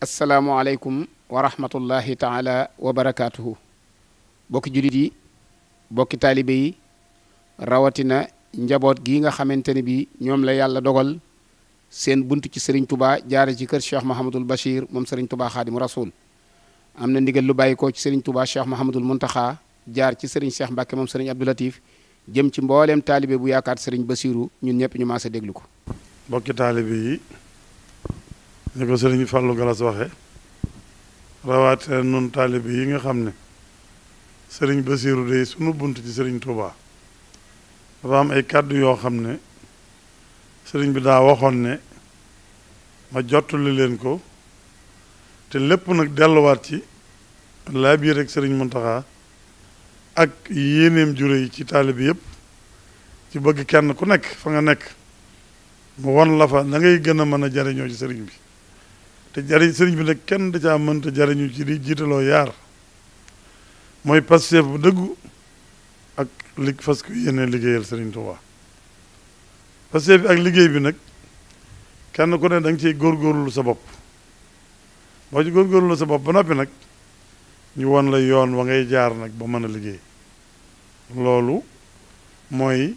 asalaamualeykum wa rahmatullahi taala wa barakaatuhu bokki jullit yi bokki taalibe rawatina njaboot gi nga xamante ne bi ñoom la yàlla dogal seen bunt ci sëriñ tubaa jaare ci kër cheikh mahamadul bachir moom sëriñ tubaa xaadimu rasul am na ndigal lu bàyyi ko ci sëriñ tubaa cheikh mahamadul muntaxa jaar ci sëriñ cheikh mbàkke moom sëriñ abdulatif jëm ci mbooleem taalibe bu yaakaar sëriñ basiru ñun ñëpp ñu maase déglu ko bokki taalibe yi ni ko sëriñ Fallou Galas waxee rawaate nun taalibe yi nga xam ne sëriñ Basiiru day sunu bunt ci sëriñ Touba dafa am ay kàddu yoo xam ne sëriñ bi daa waxoon ne ma jottali leen ko te lépp nag delluwaat ci laa biir rek sëriñ Muntaxa ak yéeneem jure yi ci taalibe yëpp ci bëgg kenn ku nekk fa nga nekk mu won la fa na ngay gën a mën a jariñoo ci sëriñ bi te jariñ sëriñ bi nag kenn da caa mënta jariñu ci di jiitaloo yaar mooy passeef bu dëggu ak li fas ku yéene liggéeyal sëriñ Tuubaa passeef bi ak liggéey bi nag kenn ku ne da nga ciy góorgóorlu sa bopp boo ci góorgóorlu sa bopp ba noppi nag ñu won la yoon wa ngay jaar nag ba mën a liggéey loolu mooy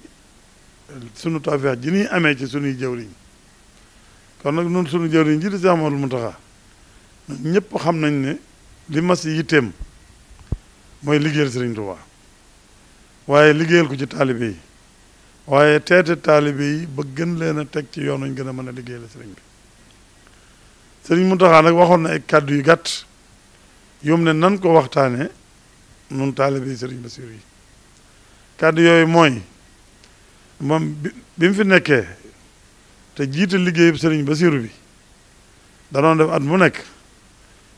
sunu tawfeex ji ñuy amee ci sunuy jëwriñ kon nag nun suñu jëriñ ji di Cheikh Amadou Mountakha ñëpp xam nañ ne li mas yitteem mooy liggéeyal Serigne Touba waaye liggéeyal ko ci taalibe yi waaye teete taalibe yi ba gën leen a teg ci yoon wi gën a mën a liggéeyal Serigne bi Serigne Mountakha nag waxoon na ay kàddu yu gàtt yom ne nan ko waxtaanee nun taalibe yi Serigne Bassirou kàddu yooyu mooy moom bi bi mu fi nekkee. te jiite bi sëriñ Basiiru bi danoon def at mu nekk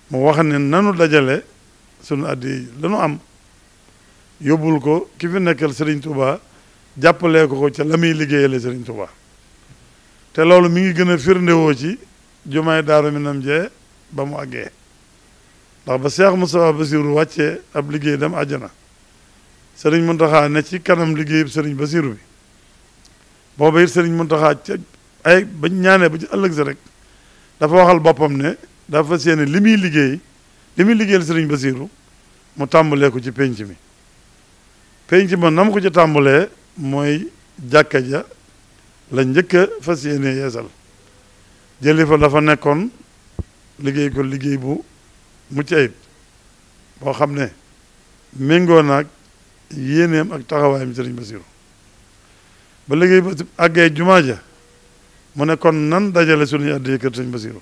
mu wax ne nanu dajale sunu addi lanu am yóbbul ko ki fi nekkal sëriñ Touba jàppalee ko ko ca la muy liggéeyale sëriñ Touba te loolu mi ngi gën a firndewoo ci jumaay Daaru Minam jee ba mu àggee ndax ba Cheikh Moustapha Bassirou wàccee ab liggéey dem àjjana sëriñ Mountakha ne ci kanam liggéeyub sëriñ Bassirou bi booba it sëriñ Mountakha ay bañ ñaanee ba ci ëllëg sa rek dafa waxal boppam ne dafa fas yéene li muy liggéey li muy liggéeyal sëriñ Basiiru mu tàmbalee ko ci pénc mi penc ma na ko ci tàmbalee mooy jàkka ja la njëkk a fas yéene yeesal jëli fa dafa nekkoon liggéey ko liggéey bu mucc ayib boo xam ne méngoo naag yéeneem ak taxawaayam sëriñ Basiiru ba liggéey ba àggee jumaa ja mu ne kon nan dajale suñuy addiye kër sëñ Basiru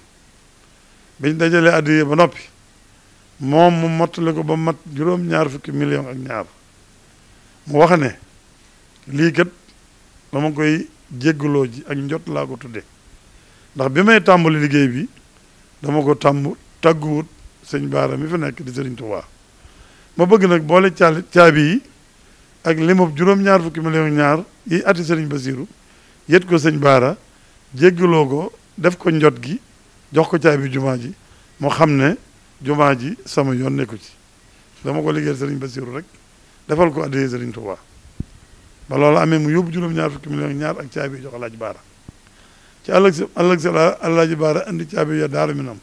bañ dajale addiye ba noppi moom mu mottali ko ba mat juróom-ñaar fukki million ak ñaar mu wax ne lii kat dama koy jéggaloo ji ak njot laa ko tudde ndax bi may tàmbali liggéey bi dama ko tàmbu tàgguwut sëñ Baara mi fi nekk di sëriñ Tuubaa ma bëgg nag boole caali caabi yi ak limub juróom-ñaar fukki million ñaar yi ati sëriñ Basiru yët ko sëñ Baara jéggiloo ko def ko njot gi jox ko caabi jumaa ji moo xam ne jumaa ji sama yoon nekku ci dama ko liggéeyal sëriñ Basiru rek defal ko addiyee sëriñ Tuubaa ba loolu amee mu yóbbu juróom-ñaar fukki million ñaar ak caabi jox Alaaji ci àllëg si àllëg si indi caabi ya daaru minam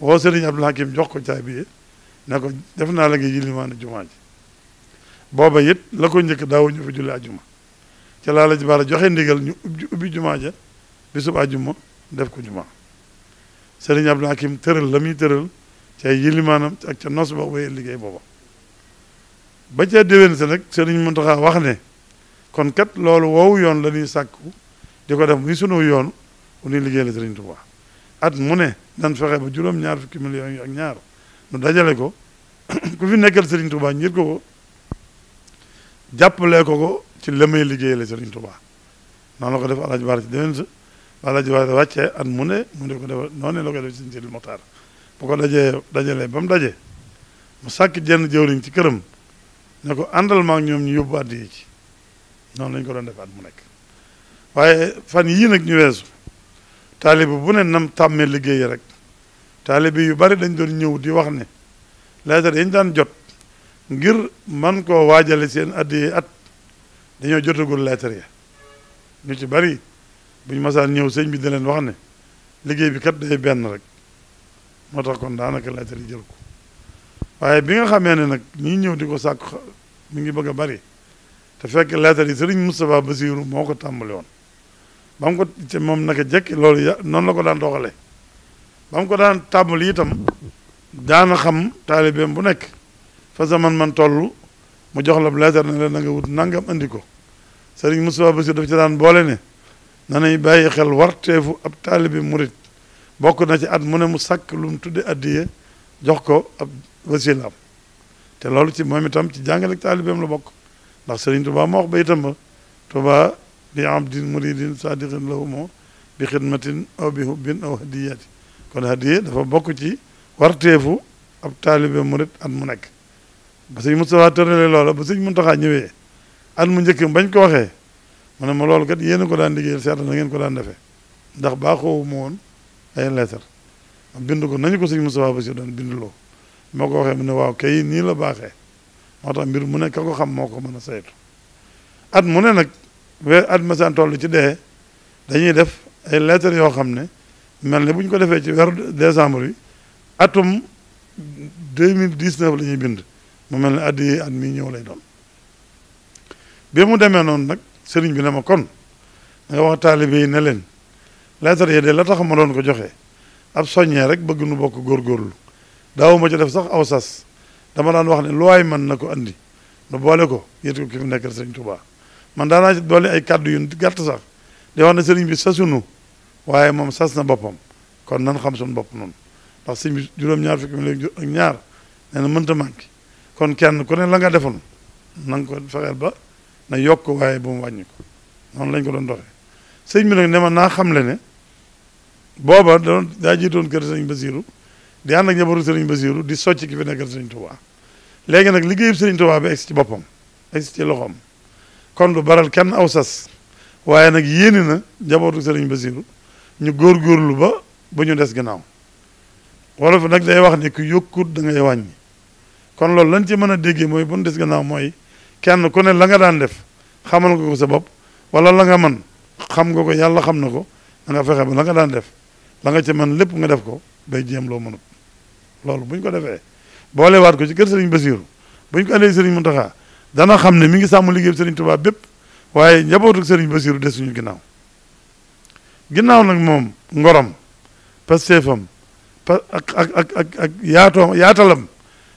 woo sëriñ Abdul Hakim jox ko caabi ne ko def naa la nga yilimaane jumaa ji booba it la ko njëkk daawuñu fi julli ajuma ca laa Alaaji Baara joxe ndigal ñu ubbi ubbi jumaa ja bisub àjjuma def ko juma Serigne Abdou Hakim tëral la muy tëral ca yilimaanam ak ca nos ba wéyal liggéey booba ba ca déwén sa nag Serigne Mountakha wax ne kon kat loolu woowu yoon la sàkku di ko def muy sunu yoon u ñuy liggéey la Serigne Touba at mu ne nan fexe ba juróom-ñaar fukki millions yi ak ñaar nu dajale ko ku fi nekkal Serigne Touba ngir ko ko jàppalee ko ko ci la may liggéey la Serigne Touba noonu la ko def alaaj baar ci déwén sa Alaaji Waali wàccee at mune ne mu ne ko defal noonu la koy def Sëñ Sidil Moxtaar ko dajee dajalee ba mu daje mu sàkki jenn jëwriñ ci këram ne ko àndal ma ñoom ñu yóbbu àddi yi ci noonu lañ ko doon def at mu nekk waaye fan yii nag ñu weesu taalibe bu ne nam tàmmee liggéey rek taalibe yu bari dañ doon ñëw di wax ne leetar yañ daan jot ngir man koo waajale seen addi at dañoo jotagul leetar ya ñu ci bari buñ masaan ñëw sëñ bi di leen wax ne liggéey bi kat day benn rek moo tax kon daanaka lettre yi jël ko waaye bi nga xamee ne nag ñi ñëw di ko sàkk mi ngi bëgg a bari te fekk lettre yi sëriñ Moustapha Bassirou moo ko tàmbali woon ba mu ko te moom naka jekki loolu ya noonu la ko daan doxale ba mu ko daan tàmbali itam daana xam taalibeem bu nekk fa zaman man toll mu jox la lettre ne la na nga wut nangam andi ko sëriñ Moustapha Bassirou daf ci daan boole ne yi bàyyi xel warteefu ab taalibi murit bokk na ci at mu ne mu sàkk lu mu tudde addiye jox ko ab wasilaam te loolu ci moom itam ci jàngale taalibeem la bokk ndax Sëriñ Tuubaa moo wax ba itam ba Tuubaa li abdin muridin sadiqin lahumo bi xidmatin aw bi hubbin aw hadiyati kon hadiye dafa bokk ci warteefu ab taalibe murit at mu nekk ba sëñ Moustapha tërale loola ba sëñ Muntaxa ñëwee at mu njëkk bañ ko waxee mu ma loolu kat yéen ko daan liggéeyal seetlu na ngeen ko daan defee ndax baaxoowu ma woon ay lettre bind ko nañu ko mu Moustapha Bassirou doon bindloo moo ko waxee mu ne waaw kay nii la baaxee moo tax mbir mu ne ka ko xam moo ko mën a saytu at mu ne nag weer at ma saan toll ci dee dañuy def ay lettres yoo xam ne mel ne bu ñu ko defee ci weeru décembre yi atum 2019 la ñuy bind mu mel ni at yi at mii ñëw lay doon bi mu demee noonu nag sëriñ bi na ma kon nga wax taalibe yi ne leen lettre de la tax ma doon ko joxe ab soññee rek bëgg nu bokk góorgóorlu daawu ma ci def sax aw sas dama daan wax ne lu waaye mën na ko indi nu boole ko yët ko ki fi nekkal sëriñ Tuubaa man daanaa ci boole ay kàddu yu gàtt sax di wax ne sëriñ bi sasunu waaye moom sas na boppam kon nan xam suñu bopp noonu ndax sëriñ bi juróom-ñaar fukki million ak ñaar nee na mënta manqué kon kenn ku ne la nga defoon na ko ba na yokk waaye bu mu wàññi ko noonu lañ ko doon doxee sëñ bi nag ne ma naa xamle ne booba doon daa jiitoon kër sëriñ Basiiru di ànd ak njabaru sëriñ Basiiru di socc ki fi nekkal sëriñ Tuubaa léegi nag liggéeyub sëriñ Tuubaa bi egsi ci boppam egsi ci loxoom kon lu baral kenn aw sas waaye nag yéene na njabootu sëriñ Basiiru ñu góor góorgóorlu ba ba ñu des gannaaw wolof nag day wax ne ku yokkut da ngay wàññi kon loolu lañ ci mën a déggee mooy bu ñu des gannaaw mooy kenn ku ne la nga daan def xamal nga ko sa bopp wala la nga man xam nga ko yàlla xam na ko da fexe ba la nga daan def la nga ci lépp nga def ko bay jéem loo mënut loolu buñ ko defee boolewaat ko ci kër Serigne Bassirou bu ñu ko andee Serigne Mountakha dana xam ne mi ngi sàmm liggéey Serigne Touba bépp waaye njabootu Serigne Bassirou des suñu ginnaaw ginnaaw nag moom ngorom pasteefam pa ak ak ak ak yaatoom yaatalam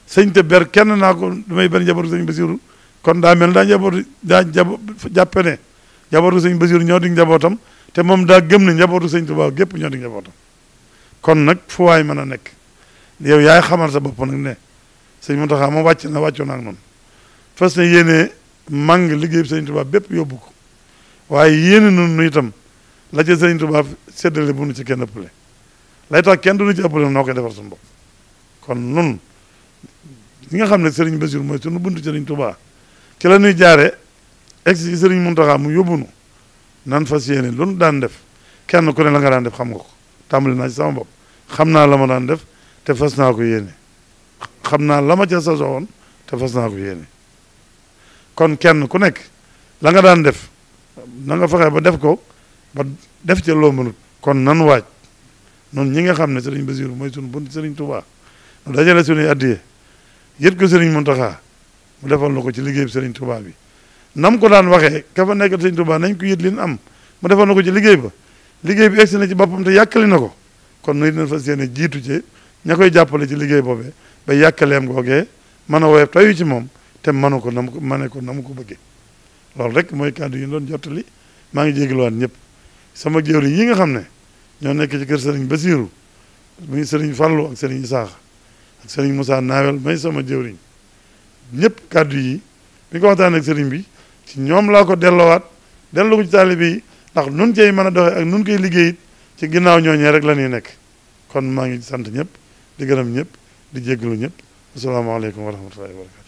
sëñ te ber kenn naa ko damay ber njabootu Serigne Bassirou kon daa mel da njabootu daa jabo jàppe ne njabootu sëñ Basiru ñoo di njabootam te moom daa gëm ne njabootu sëñ Tuubaa gépp ñoo di njabootam kon nag fu waay nekk yow yaay xamal sa bopp nag ne sëñ Muntaxa moom wàcc na wàccoon ak noonu fas ne yéene màng liggéey bi bépp yóbbu ko waaye yéene noonu nu itam la ca sëñ ci kenn ëppale lay kenn du ci noo koy defar suñu bopp kon nun ñi xam ne sëriñ Basiru mooy sunu buntu sëriñ Tuubaa ci la ñuy jaare egsi ci sëriñ Muntaxa mu yóbbunu nan fas yéene lu daan def kenn ku ne la daan def xam nga ko tàmbali naa ci sama xam naa la ma daan def te fas naa ko yéene xam naa la ma ca saso te fas ko yéene kon kenn ku nekk la daan def nanga nga ba def ko ba def ca loo mënut kon nan waaj noonu ñi nga xam ne sëriñ Basiru mooy sunu bunt sëriñ Tuubaa nu dajale sunuy addiye yët ko sëriñ Muntaxa mu defal na ko ci liggéey bi sëriñ Touba nam ko daan waxee ka fa nekkal sëriñ Touba nañ ko yët lin am mu defal na ko ci liggéey ba liggéey bi egsi na ci boppam te yàkkali na ko kon nuy dina fas yéene jiitu ci ña koy jàppale ci liggéey boobee ba yàkkaleem googee mën a woyof tayu ci moom te mënu ko nam ko mëne ko ko bëggee loolu rek mooy kàddu yi doon jottali maa ngi jégaluwaat ñëpp sama jëwriñ yi nga xam ne ñoo nekk ci kër sëriñ Basiiru muy sëriñ Fàllu ak sëriñ Isaaxa ak sëriñ Moussa Naawel may sama jëwriñ ñëpp kàddu yi bi ko waxtaan ak sëriñ bi ci ñoom laa ko dellowaat delloo ko ci taalibe yi ndax nun cay mën a doxee ak nun koy liggéey ci ginnaaw ñooñee rek la nekk kon maa ngi sant ñëpp di gërëm ñëpp di jéggalu ñëpp asalaamaaleykum wa rahmatullahi wa barakatu